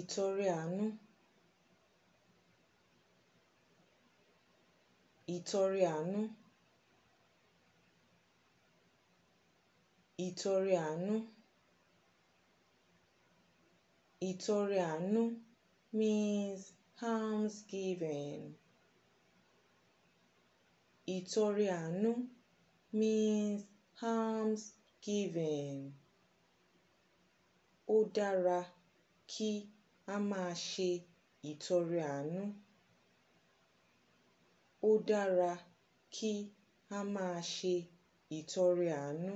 ìtọrẹ àánú ìtọrẹ àánú ìtọrẹ àánú ìtọrẹ àánú means alms giving ìtọrẹ àánú means alms giving ó dára kí á máa ṣe ìtọrẹ àánú ó dára kí á máa ṣe ìtọrẹ àánú